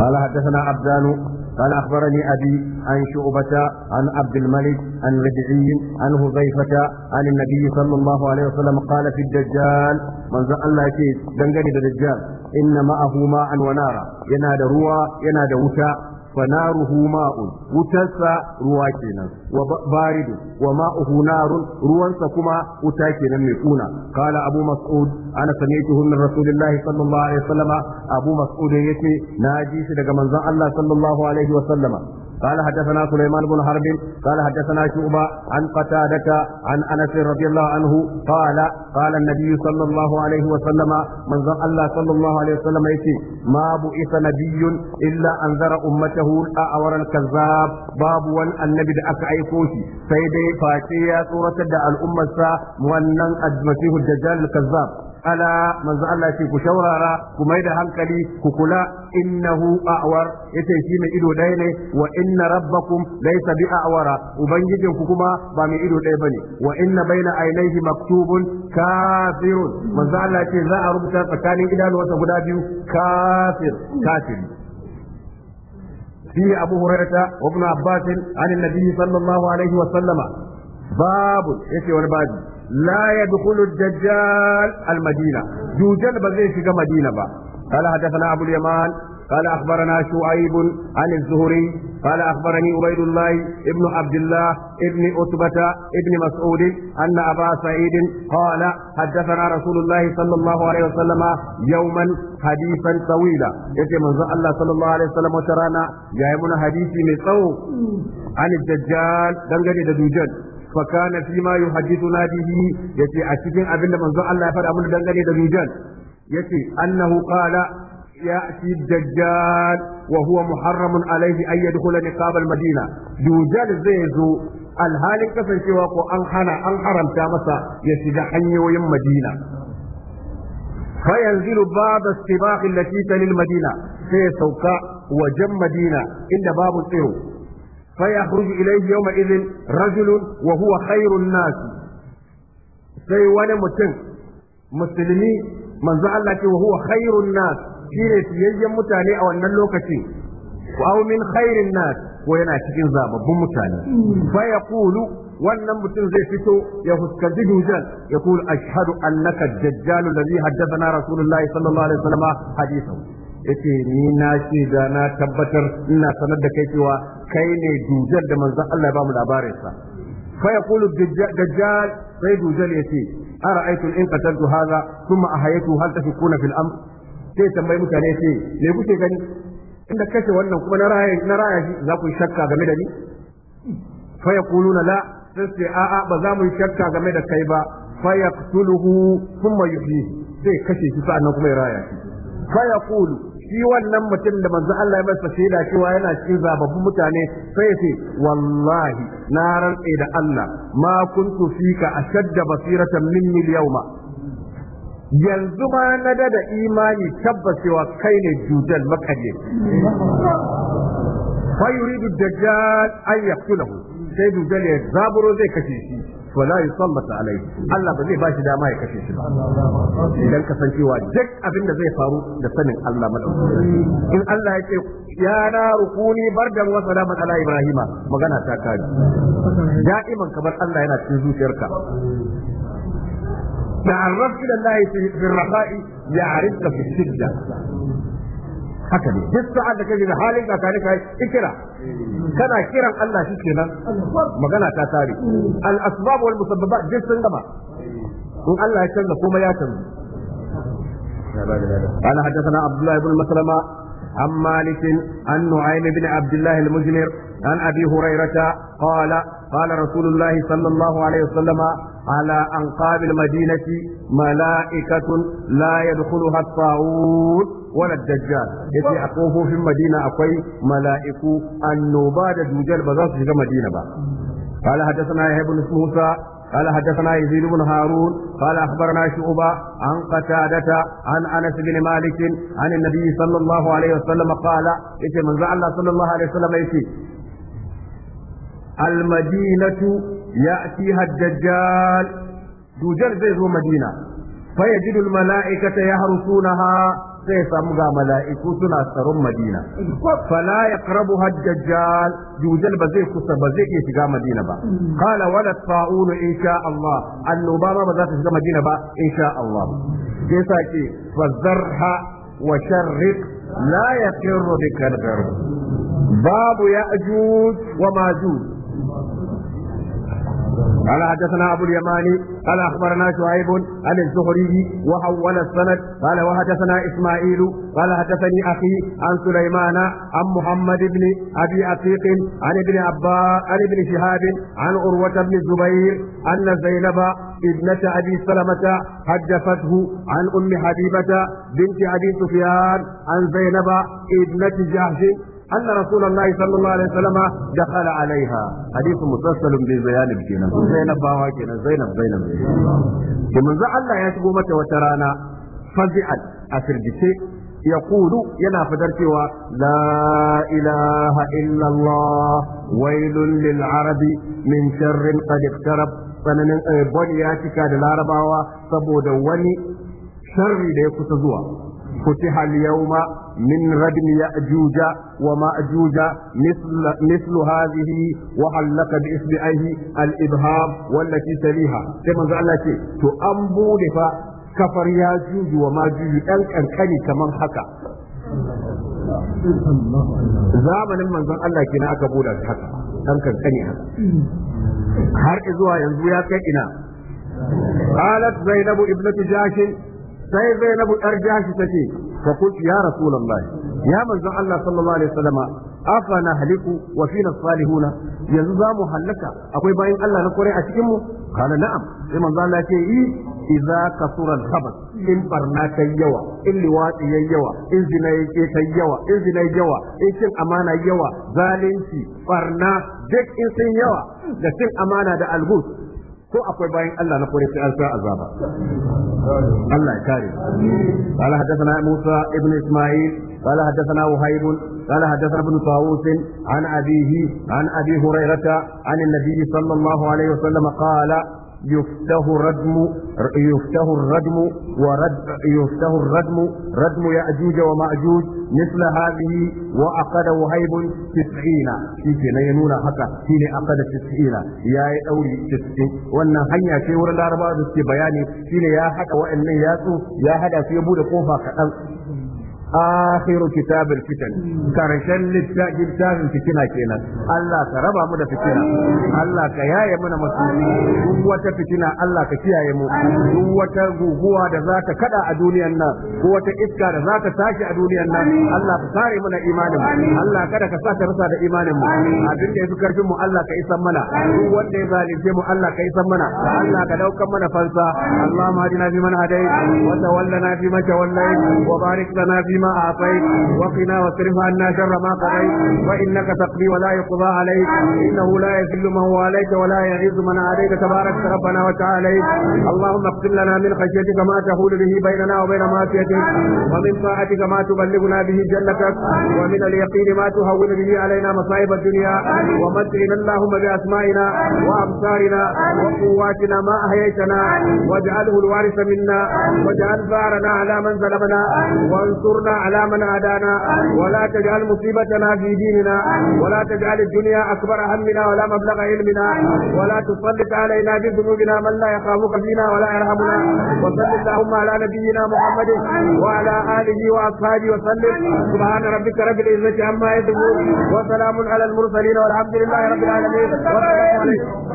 قال حدثنا عبدان قال أخبرني أبي عن شعبة عن عبد الملك عن ربعي عن هزيفة عن النبي صلى الله عليه وسلم قال في الدجال من ذا الله يكيد دنجل الدجال إن معه ماء ونارا ينادى روى ينادى وشاء fa naruhu ma'un wutarsa ruwa kenan wa baridu wa ma'uhu narun ruwansa kuma wuta kenan mai kuna qala abu mas'ud ana sami'tuhu min rasulillah sallallahu alaihi wasallama abu mas'ud yace na ji shi daga manzon Allah sallallahu alaihi wasallama قال حدثنا سليمان بن حرب قال حدثنا شعبة عن قتادة عن أنس رضي الله عنه قال قال النبي صلى الله عليه وسلم من ذا الله صلى الله عليه وسلم يتي ما بئس نبي إلا أنذر أمته الأعور الكذاب باب وان النبي دا أكعي كوشي سيدي فاتيا سورة دا الأمة ونن المسيح الدجال الكذاب ala manzo Allah ce ku shaurara ku mai da hankali ku kula innahu a'war yace shi mai ido ɗaya ne wa inna rabbakum laysa bi a'wara ubangijin ku kuma ba mai ido ɗaya bane wa inna baina ainihi maktubun kafirun manzo Allah ce za a rubuta tsakanin idanuwansa guda biyu kafir kafir فيه أبو هريرة وابن عباس عن النبي صلى الله عليه وسلم باب يكي والبادي لا يدخل الدجال المدينة دوجل بغيش شيغا مدينة با قال حدثنا أبو اليمان قال أخبرنا شعيب عن الزهري قال أخبرني عبيد الله ابن عبد الله ابن أتبة ابن مسعود أن أبا سعيد قال حدثنا رسول الله صلى الله عليه وسلم يوما حديثا طويلا يتي من الله صلى الله عليه وسلم وترانا جايبنا حديثي من عن الدجال دنجل دجال fa kana fi ma yuhaddithuna bihi yace a cikin abin da manzon Allah ya faɗa mun dangane da Dujjal yace annahu qala ya'ti dajjal wa huwa muharramun alaihi an yadkhula niqab al-madina Dujjal zai zo alhalin kasancewa ko an hana an haramta masa ya shiga hanyoyin Madina فينزل بعض السباق التي تلي المدينة sai ya sauka wajen madina inda babu tsiro فيخرج إليه يومئذ رجل وهو خير الناس sai wani mutum musulmi manzo Allah ce wa huwa khairun nas shine siyayyen mutane a wannan lokaci wa min khairin nas ko yana cikin zababbun mutane fa yaqulu wannan mutum zai fito ya fuskanci dujal ya kulu ashhadu annaka dajjalu ladhi haddathana rasulullahi sallallahu alaihi wasallam hadithu yace ni na ce da na tabbatar ina sanar da kai cewa kai ne dujjal da manzon Allah ya ba mu labarin sa fa yaqulu dajjal sai dujal yace ara'aytu in qataltu hadha thumma ahaytu hal tashkuna fil amr sai tambayi mutane sai me kuke gani inda kashe wannan kuma na raya na raya shi za ku shakka game da ni fa yaquluna la sai a'a ba za mu shakka game da kai ba fa yaqtuluhu thumma yuhyihi sai kashe shi sa'annan kuma ya raya shi fa kulu shi wannan mutum da manzo Allah ya masa shaida cewa yana cikin zababbun mutane sai ce wallahi na rantsa da Allah ma kuntu fika ashadda basiratan minni yawma yanzu ma na dada imani tabbacewa kai ne judal makaje fa yuridu dajjal an yaqtulahu sai dujal ya zaburo zai kashe shi wala yusallatu alaihi Allah ba zai ba shi dama ya kashe shi ba idan kasancewa duk abin da zai faru da sanin Allah madaukaki in Allah ya ce ya na rukuni bardan wa salaman ala ibrahima magana ta kare da'iman kamar Allah yana cikin zuciyarka تعرف إلى الله في الرخاء يعرفك في الشدة haka ne duk sa'a da kaje da halin tsakani kai ikira kana kiran Allah shi kenan magana ta tare al asbab wal musabbabat duk sun gaba in Allah ya canza kuma ya canza قال حدثنا عبد الله بن مسلمه عن مالك عن نعيم بن عبد الله المزمر عن أبي هريرة قال قال رسول الله صلى الله عليه وسلم على أنقاب المدينة ملائكة لا يدخلها الطاعون ولا الدجال يتي أقوه في المدينة أقوي ملائكو النوبة دجال بذلك مدينة با قال حدثنا يحيى بن موسى قال حدثنا يزيد بن هارون قال أخبرنا شعبة عن قتادة عن أنس بن مالك عن النبي صلى الله عليه وسلم قال إتي من الله صلى الله عليه وسلم إتي المدينة يأتيها الدجال دجال زي مدينة فيجد الملائكة يهرسونها sai samu ga mala'iku suna tsaron madina fala yaqrabu hajjajjal dujal ba zai kusa ba zai iya shiga madina ba qala wala ta'unu sha Allah annoba ba za ta shiga madina ba sha Allah Ke sa ke fazarha wa sharriq la yaqirru bika babu ya'juj wa majuj قال حدثنا أبو اليماني قال أخبرنا شعيب عن الزهري وحول السند قال وحدثنا إسماعيل قال حدثني أخي عن سليمان عن محمد بن أبي عتيق عن ابن عبا عن ابن شهاب عن عروة بن الزبير أن زينب ابنة أبي سلمة حدثته عن أم حبيبة بنت أبي سفيان عن زينب ابنة جهش أن رسول الله صلى الله عليه وسلم دخل عليها حديث مسلسل بزينب كنا زينب باوا كنا زينب زينب كمن الله يشكو متى وترانا فزعت أفرجتي يقول ينا فدرتي لا إله إلا الله ويل للعرب من شر قد اقترب tsananin bani ya cika da larabawa saboda wani sharri da ya kusa zuwa فتح اليوم من ردم يأجوج ومأجوج مثل, مثل هذه وعلق بإصبعيه الإبهام والتي تليها كما قال لك تؤمبو لفا كفر يأجوج ومأجوج ألك أنكني كمان حكا zamanin manzon Allah ke na aka buɗa shi haka ɗan kankani haka har zuwa yanzu ya kai ina قالت زينب ابنة جاش sai Zainabu ɗar jashi ta ce fa kulti ya rasulullahi ya manzon Allah sallallahu alaihi wasallama Afana na haliku wa fina salihuna yanzu za mu hallaka akwai bayan Allah na kwarai a cikin mu kana na'am sai manzon Allah ce yi idza kasura al in barna ta yawa in liwati yawa in zina yake ta yawa in zina yawa in cin amana yawa zalunci barna duk in sun yawa da cin amana da algus ko akwai bayan Allah na kore sai an sa azaba Allah ya kare qala hadathana Musa ibn Isma'il qala hadathana Wahib qala hadathana ibn Tawus an abihi an abi Hurairah an an-nabi sallallahu alaihi wasallam qala يفته الردم يفته الردم ورد يفته الردم ردم يأجوج ومأجوج مثل هذه وأقد وهيب تسعين في لا ينون في شيني أقد تسعين يا أولي تسعين وأن هنيا في ورد الأربعة بياني شيني يا حقا وإن ياسو يا هدا في يبود قوفا كأن akhiru kitabil fitan karshen littafin fitina kenan Allah ka raba mu da fitina Allah ka yaye mana masu duk wata fitina Allah ka kiyaye mu duk wata guguwa da za ta kada a duniyan nan ko wata iska da za ta tashi a duniyan nan Allah ka kare mana imanin mu Allah kada ka sa ka rasa da imanin mu abin da yafi karfin mu Allah ka isan mana duk wanda ya zalunce mu Allah ka isan mana Allah ka daukan mana fansa Allahumma hadina fi man hadayt wa tawallana fi man tawallait wa barik lana fi ما أعطيت وقنا واصرف عنا شر ما قضيت وإنك تقضي ولا يقضى عليك إنه لا يذل من هو عليك ولا يعز من عليك تبارك ربنا وتعالى اللهم اقسم لنا من خشيتك ما تهول به بيننا وبين معصيتك ومن طاعتك ما تبلغنا به جنتك ومن اليقين ما تهون به علينا مصائب الدنيا ومتعنا اللهم بأسمائنا وأبصارنا وقواتنا ما أحييتنا واجعله الوارث منا واجعل ثارنا على من ظلمنا وانصرنا وانصرنا على من عادانا ولا تجعل مصيبتنا في ديننا ولا تجعل الدنيا أكبر همنا ولا مبلغ علمنا ولا تسلط علينا بذنوبنا من لا يخافك فينا ولا يرحمنا وصل اللهم على نبينا محمد وعلى آله وأصحابه وسلم سبحان ربك رب العزة عما يصفون وسلام على المرسلين والحمد لله رب العالمين والسلام عليكم